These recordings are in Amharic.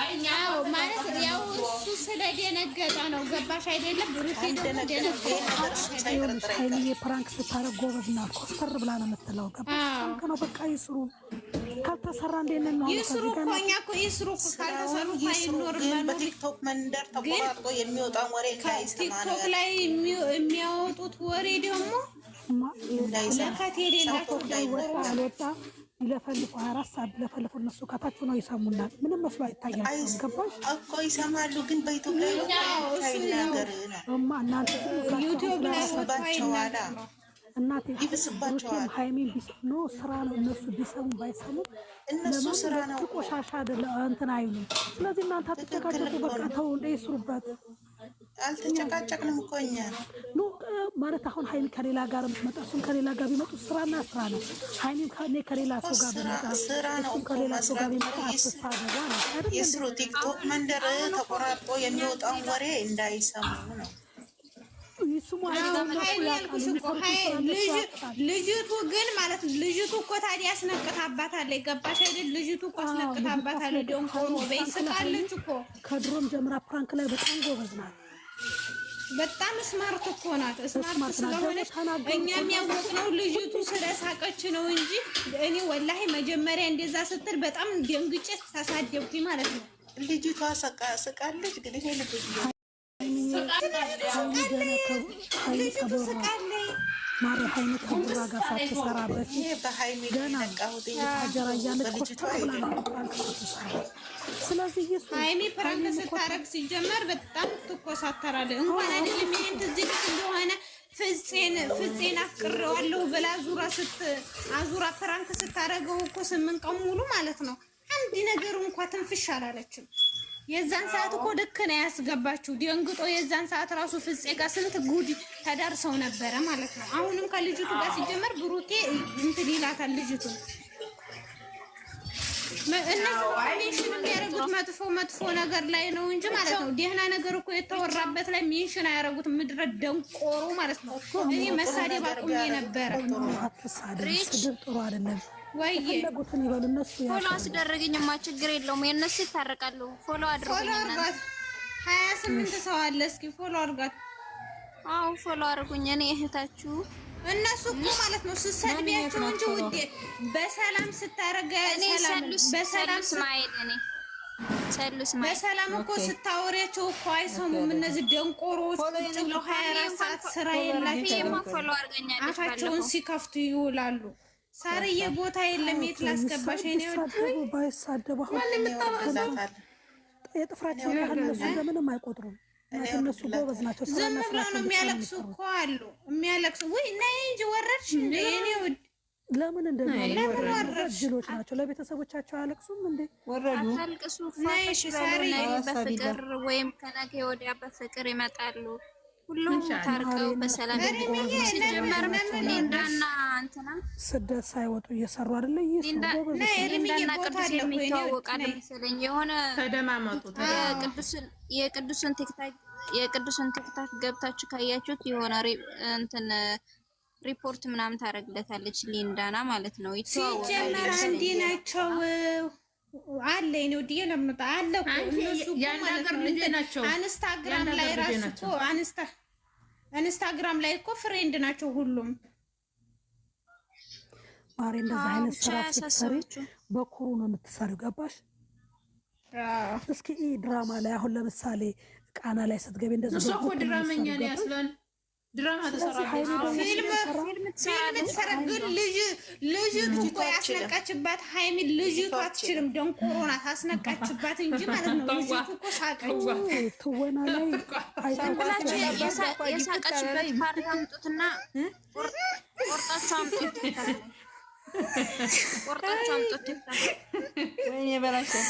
አዎ ማለት ያው እሱ ስለደነገጠ ነው። ገባሽ አይደለም? ብሩኬ ደግሞ ደነገጠ። ፕራንክ ስታረግ ጎበዝ ናት። ኮስተር ብላ ነው የምትለው። ገባሽ? ነው በቃ ይስሩ። ካልተሰራ እንደነ ነው ይስሩ እኮ እኛ እኮ ይስሩ እኮ ካልተሰሩ አይኖርም። በቲክቶክ መንደር ተቆራርጦ የሚወጣው ወሬ ቲክቶክ ላይ የሚያወጡት ወሬ ደግሞ ለከቴ ሌላቸው ይለፈልፉ ሀያ አራት ሰዓት ቢለፈልፉ እነሱ ከታች ነው ይሰሙናል። ምንም መስሎ አይታያል። ገባሽ እኮ ይሰማሉ፣ ግን በኢትዮጵያ ይናገር እማ እናቴ ይብስባቸዋል። ሀይሜን ስራ ነው እነሱ ቢሰሙ ባይሰሙ እነሱ ስራ ነው ቆሻሻ እንትን አይሉም። ስለዚህ እናንተ አትጨቃጨቁ፣ በቃ ተው እንደ ይስሩበት አልተጨቃጨቅንም እኮ እኛ ኖ ማለት አሁን ሀይል ከሌላ ጋር የምትመጣ እሱም ከሌላ ጋር ቢመጡ ስራና ስራ ነው። ሀይሚም ከኔ ከሌላ ሰው ጋር ቢመጣ እሱም ከሌላ ሰው ጋር ቢመጣ አስፋ ገዛ ነው የስሩ ቲክቶክ መንደር ተቆራርጦ የሚወጣውን ወሬ እንዳይሰሙ ነው። ልጅቱ ግን ማለት ልጅቱ እኮ ታዲያ አስነቅታባታለች። ገባሽ አይደል? ልጅቱ እኮ አስነቅታባታለች። ደንቆሮ በይ ስቃለች እኮ ከድሮም ጀምራ ፕራንክ ላይ በጣም ጎበዝ ናት። በጣም ስማርት እኮ ናት። ስማርት ስለሆነች እኛም ያወቅነው ልጅቱ ስለሳቀች ነው እንጂ እኔ ወላሂ መጀመሪያ እንደዛ ስትል በጣም ደንግጬ ተሳደብኩኝ ማለት ነው። ልጅቷ ስቃለች፣ ግን ይሄ ልጅ ስቃለች፣ ልጅቱ ስቃለች ማሪ ሀይሚ ከቡራ ጋር ሳትሰራ በፊት ገና እያለች ብላ ስለዚህ ሀይሚ ፕራንክ ስታረግ ሲጀመር በጣም እንኳን አይደለም እንደሆነ አፍቅሬዋለሁ ብላ አዙራ ስት አዙራ ፕራንክ ስታረገው እኮ ስምንት ቀን ሙሉ ማለት ነው አንድ ነገሩ እንኳ ትንፍሽ አላለችም። የዛን ሰዓት እኮ ልክ ነው ያስገባችሁ። ደንግጦ የዛን ሰዓት ራሱ ፍፄ ጋር ስንት ጉድ ተዳርሰው ነበረ ማለት ነው። አሁንም ከልጅቱ ጋር ሲጀመር ብሩኬ እንትን ይላታል ልጅቱ። እነሱ ሜንሽን የሚያደርጉት መጥፎ መጥፎ ነገር ላይ ነው እንጂ ማለት ነው። ደህና ነገር እኮ የተወራበት ላይ ሜንሽን አያደርጉት። ምድረ ደንቆሮ ማለት ነው። እኔ መሳደብ አቁሜ ነበረ። ጥሩ አይደለም። የፈለጉትን ይበሉ። እነሱ ፎሎ አስደረገኝማ ችግር የለውም። የእነሱ ይታረቃሉ። ፎሎ አድርጉኝ። ሀያ ስምንት ሰው አለ። እስኪ ፎሎ አድርጋት። አዎ ፎሎ አድርጉኝ። እኔ እህታችሁ እነሱ እኮ ማለት ነው ስትሰድቢያቸው እንጂ ውዴ በሰላም ስታረገ በሰላም ስማይል እኔ በሰላም እኮ ስታወሪያቸው እኮ አይሰሙም። እነዚህ ደንቆሮዎች ቁጭ ብለው 24 ሰዓት ስራ የላቸውም። አፋቸውን ሲከፍቱ ይውላሉ። ሳርዬ ቦታ የለም። የት ላስገባሽ? የጥፍራቸው ያህል እነሱ ለምንም አይቆጥሩም። እነሱ ጎበዝ ናቸው። ዝም ብለው ነው የሚያለቅሱ እኮ አሉ የሚያለቅሱ። ወይ ነይ እንጂ ወረድሽ እንደ የኔ ውድ ለምን እንደሚወረጅሎች ናቸው። ለቤተሰቦቻቸው አያለቅሱም እንዴ? ወረዱ አታልቅሱ። ሳሪ በፍቅር ወይም ከነገ ወዲያ በፍቅር ይመጣሉ። ሁሉም ታርቀው በሰላም ሲጀመር ሊንዳና እንትና ስደት ሳይወጡ እየሰሩ አይደለ? ሊንዳና ቅዱስ መሰለኝ የሆነ ተደማመጡ። የቅዱስን ቲክታክ የቅዱስን ቲክታክ ገብታችሁ ካያችሁት የሆነ እንትን ሪፖርት ምናምን ታደርግለታለች ሊንዳና ማለት ነው። ይተዋወቃል። ሲጀመር አንድ ናቸው። አለ የእኔ ወዲዬ ለምንጣ አለ አንስታግራም ላይ ራሱ እኮ አንስታግራም ላይ እኮ ፍሬንድ ናቸው ሁሉም። ማሪ እንደዚህ አይነት ስራ ስትሰሪ በኩሩ ነው የምትሰሪው። ገባሽ? እስኪ ድራማ ላይ አሁን ለምሳሌ ቃና ላይ ስትገቢ እንደዚህ እኮ ድራመኛ ነው ያስለን ድራማ ተሰራ ግን ልጅ ልጅቱ እኮ ያስነቃችባት ሀይሚ ልጅቱ አትችልም፣ ደንቆሮ ናት። አስነቃችባት እንጂ ማለት ነው። ልጅቱ እኮ ሳቀች። የሳቀችበት ፓርት አምጡትና ቆርጣችሁ አምጡት፣ ቆርጣችሁ አምጡት። ወይኔ በላቸው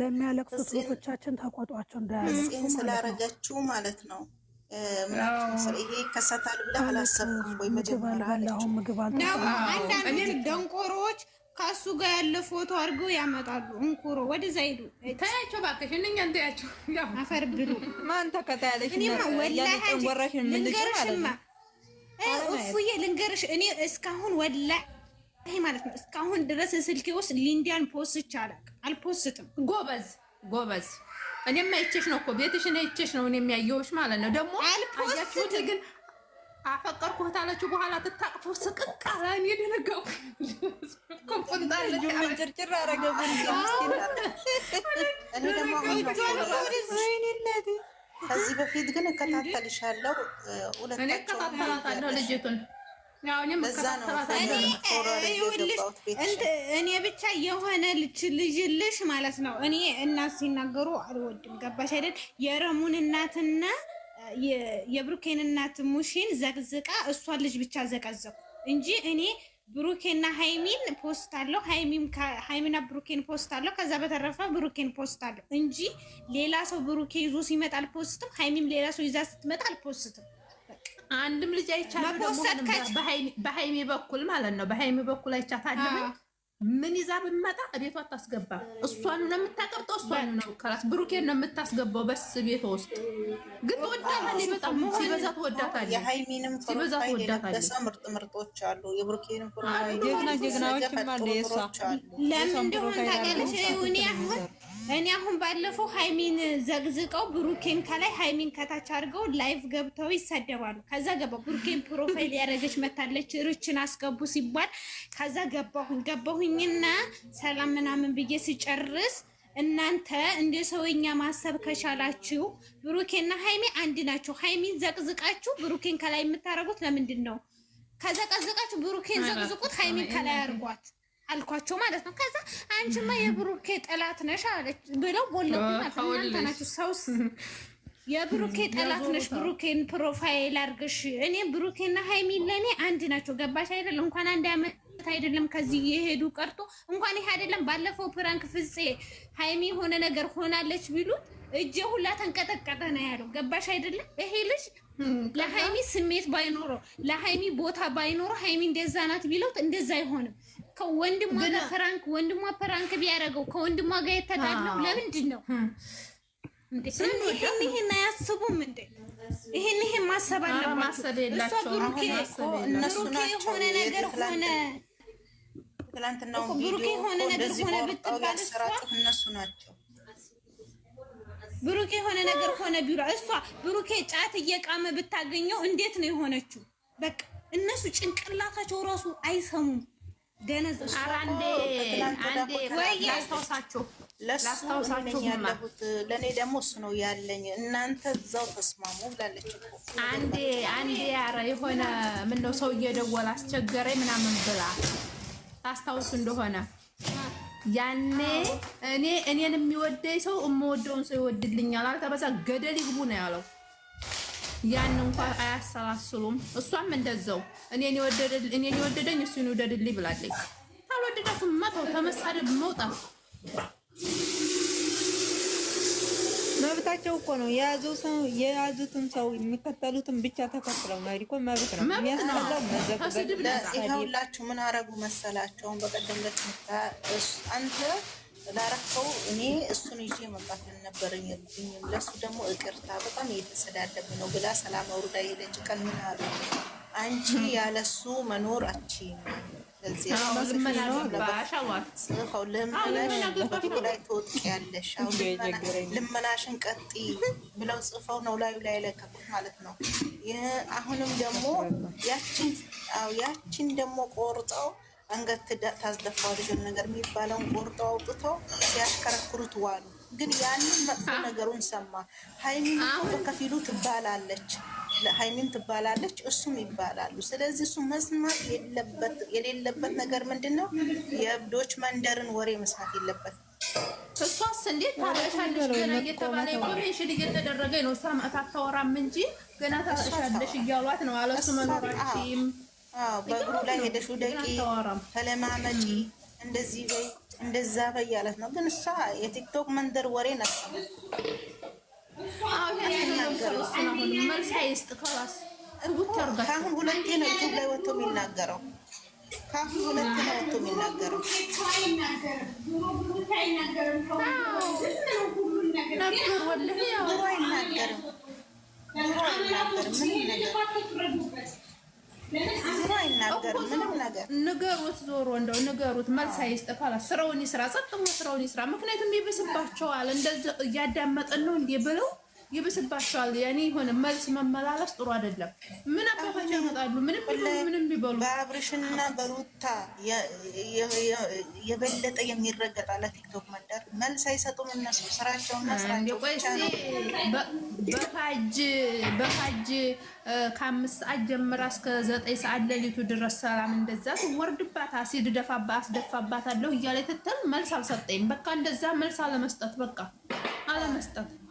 ለሚያለቅሱ እህቶቻችን ተቆጧቸው እንዳያለቅሱ ስላረጋችሁ ማለት ነው። ይሄ ይከሰታል ብለህ አላሰብኩም ወይ? መጀመሪያ ምግብ አልጠጣም። ደንቆሮዎች ከእሱ ጋር ያለ ፎቶ አድርገው ያመጣሉ። እንቁሮ ወደዛ ሂዱ ተያቸው፣ እባክሽ እነኛን ተያቸው። አፈር ብሉ። ማን ተከታያለሽ? ወላሂ ልንገርሽማ፣ እፉዬ ልንገርሽ፣ እኔ እስካሁን ወላሂ ይሄ ማለት ነው። እስካሁን ድረስ ስልኬ ውስጥ ሊንዲያን ፖስች አላውቅም፣ አልፖስትም። ጎበዝ ጎበዝ። እኔም አይቼሽ ነው እኮ ቤትሽን አይቼሽ ነው እኔም ያየሁሽ ማለት ነው። ደግሞ አያችሁት ግን አፈቀርኩ ታለችው በኋላ ትታቅፎ ስቅቅ አለ። እኔ ደነገው ቁምጣጭርጭር አረገ። ከዚህ በፊት ግን እከታተልሻለሁ፣ እኔ እከታተላታለሁ ልጅቱን እኔ ብቻ የሆነ ልጅ ልጅልሽ ማለት ነው። እኔ እናት ሲናገሩ አልወድም። ገባሽ አይደል? የረሙን እናትና የብሩኬን እናት ሙሽን ዘቅዝቃ እሷን ልጅ ብቻ ዘቀዘቁ እንጂ እኔ ብሩኬና ሃይሚን ፖስት አለው ሃይሚና ብሩኬን ፖስት አለው። ከዛ በተረፈ ብሩኬን ፖስት አለው እንጂ ሌላ ሰው ብሩኬ ይዞ ሲመጣ አልፖስትም። ሃይሚም ሌላ ሰው ይዛ ስትመጣ አልፖስትም። አንድም ልጅ አይቻልም። በሀይሚ በኩል ማለት ነው። በሀይሚ በኩል አይቻታለሁ። ምን ይዛ ብመጣ ቤቷ አታስገባም። እሷኑ ነው የምታቀብጠው፣ እሷኑ ነው ከራስ ብሩኬን ነው የምታስገባው። በስ ቤቷ ውስጥ ግን ትወዳታለች፣ በጣም ሲበዛ ትወዳታለች። የሀይሚንም ሲበዛ ትወዳታለች። ምርጥ ምርጦች አሉ፣ የብሩኬንም ጀግና ጀግናዎችም አሉ። ለምን እንደሆነ ታውቂያለሽ? እኔ አሁን እኔ አሁን ባለፈው ሃይሚን ዘግዝቀው ብሩኬን ከላይ ሃይሚን ከታች አድርገው ላይቭ ገብተው ይሰደባሉ። ከዛ ገባ ብሩኬን ፕሮፋይል ያደረገች መታለች ርችን አስገቡ ሲባል ከዛ ገባሁኝ ገባሁኝና ሰላም ምናምን ብዬ ስጨርስ እናንተ እንደ ሰውኛ ማሰብ ከቻላችሁ ብሩኬና ሃይሚ አንድ ናቸው። ሃይሚን ዘቅዝቃችሁ ብሩኬን ከላይ የምታደርጉት ለምንድን ነው? ከዘቀዝቃችሁ ብሩኬን ዘቅዝቁት፣ ሃይሚን ከላይ አድርጓት። አልኳቸው ማለት ነው። ከዛ አንቺማ የብሩኬ ጠላት ነሽ አለች ብለው ቦለቡ ናቸው ሰው የብሩኬ ጠላት ነሽ፣ ብሩኬን ፕሮፋይል አድርገሽ እኔ ብሩኬና ሀይሚ ለእኔ አንድ ናቸው። ገባሽ አይደለም? እንኳን አንድ አመት አይደለም ከዚህ የሄዱ ቀርቶ እንኳን ይህ አይደለም። ባለፈው ፕራንክ ፍፄ ሀይሚ የሆነ ነገር ሆናለች ቢሉ እጄ ሁላ ተንቀጠቀጠ ነው ያለው። ገባሽ አይደለም? ይሄ ልጅ ለሀይሚ ስሜት ባይኖረው፣ ለሀይሚ ቦታ ባይኖረው ሀይሚ እንደዛ ናት ቢለው እንደዛ አይሆንም። ከወንድሟ ፕራንክ ወንድሟ ፕራንክ ቢያደርገው ከወንድሟ ጋር የተጣለው ለምንድን ነው? ይህን ይህን አያስቡም እንዴ? ይህን ይህን ማሰብ አለማሰብ ብሩኬ የሆነ ነገር ሆነ ብሩኬ የሆነ ነገር ሆነ ብትባል እነሱ ናቸው ብሩኬ የሆነ ነገር ሆነ ቢሮ እሷ ብሩኬ ጫት እየቃመ ብታገኘው እንዴት ነው የሆነችው? በቃ እነሱ ጭንቅላታቸው ራሱ አይሰሙም። ያለሁት ለእኔ ደግሞ እሱ ነው ያለኝ። እናንተ እዛው ተስማሙ ብላለች። አንዴ አንዴ ኧረ የሆነ ምነው ሰው እየደወለ አስቸገረኝ ምናምን ብላ ታስታውሱ እንደሆነ ያኔ እኔ እኔን የሚወደኝ ሰው የምወደውን ሰው ይወድልኛል አልተበዛ ገደል ይግቡ ነው ያለው። ያን እንኳ አያሰላስሉም። እሷም እንደዛው እኔን የወደደኝ እሱን ይውደድልኝ ብላለች። ካልወደዳትም መተው ተመሳደብ መውጣት መብታቸው እኮ ነው። ሰው የያዙትን ሰው የሚከተሉትን ብቻ ተከትለው ነው እኮ መብት ነው። የሚያስጠላው መዘግበ ይኸውላችሁ ምን አረጉ መሰላቸውን በቀደም ዕለት አንተ ላረከው እኔ እሱን ይዤ መምጣት አልነበረኝ ብኝም ለእሱ ደግሞ እቅርታ በጣም እየተሰዳደብ ነው ብላ ሰላም አውርዳ የሄደች ቀን ምን አሉ አንቺ ያለሱ መኖር አቺ ጽፈው ልመናሽ ላይ ትወጥቂያለሽ፣ ልመናሽን ቀጥይ ብለው ጽፈው ነው ላዩ ላይ ለቀቁት ማለት ነው። አሁንም ደግሞ ያችን ደግሞ ቆርጠው አንገት ታስደፋው ልጅን ነገር የሚባለውን ቆርጦ አውጥተው ሲያሽከረክሩት ዋሉ። ግን ያንን መጥፎ ነገሩን ሰማ። ሀይሚን በከፊሉ ትባላለች፣ ሀይሚን ትባላለች፣ እሱም ይባላሉ። ስለዚህ እሱ መስማት የሌለበት ነገር ምንድን ነው? የእብዶች መንደርን ወሬ መስማት የለበት። እሷስ እንዴት ታረሻለሽ ገና እየተባለ ኢንፎርሜሽን እየተደረገ ነው። እሷ ታታወራም እንጂ ገና ታረሻለሽ እያሏት ነው አለሱ መኖራችም በእግሩ ላይ ሄደሽ ውደቂ፣ ተለማመጪ፣ እንደዚህ በይ፣ እንደዛ በይ ያለት ነው። ግን እሷ የቲክቶክ መንደር ወሬ ነሳ ከአሁን ሁለቴ ነው ዩቱብ ላይ ወጥቶ የሚናገረው። ከአሁን ሁለቴ ነው ወጥቶ የሚናገረው። ድሮ አይናገርም፣ ድሮ አይናገርም ምንም ነገር ምንም ንገሩት፣ ዞሮ እንደው ንገሩት፣ መልስ አይስጥ። ኋላ ስራውን ይስራ፣ ጸጥሞ ስራውን ይስራ። ምክንያቱም ይብስባቸዋል። እንደዚህ እያዳመጠን ነው እንዲህ ብለው ይብስባቸዋል። ያኔ የሆነ መልስ መመላለስ ጥሩ አይደለም። ምን አባታቸው ያመጣሉ? ምንም ምንም ቢበሉ በአብርሽና በሩታ የበለጠ የሚረገጥ ለቲክቶክ መንደር መልስ አይሰጡም እነሱ ስራቸውና ስራቸው በፋጅ በፋጅ ከአምስት ሰዓት ጀምራ እስከ ዘጠኝ ሰዓት ሌሊቱ ድረስ ሰላም እንደዛ ትወርድባት አሲድ ደፋባ አስደፋባታለሁ እያለ ትትል መልስ አልሰጠኝም። በቃ እንደዛ መልስ አለመስጠት በቃ አለመስጠት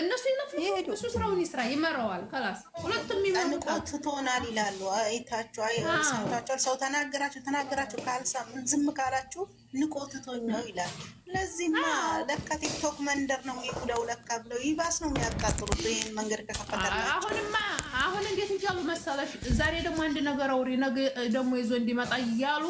እነሱ ይነፍሱ ስራውን ይስራ ይመረዋል። ከላስ ሁለቱም የሚመጣችሁ ትሆናል ይላሉ። አይታችሁ ሰምታችኋል። ሰው ተናገራችሁ ተናገራችሁ ካልሳም ዝም ካላችሁ ንቆ ትቶኛው ይላል። ለዚህማ ለካ ቲክቶክ መንደር ነው የሚውለው ለካ ብለው ይባስ ነው የሚያቃጥሩት። ይህን መንገድ ከከፈተላቸው አሁንማ አሁን እንዴት እያሉ መሰለሽ ዛሬ ደግሞ አንድ ነገር አውሪ ነገ ደግሞ ይዞ እንዲመጣ እያሉ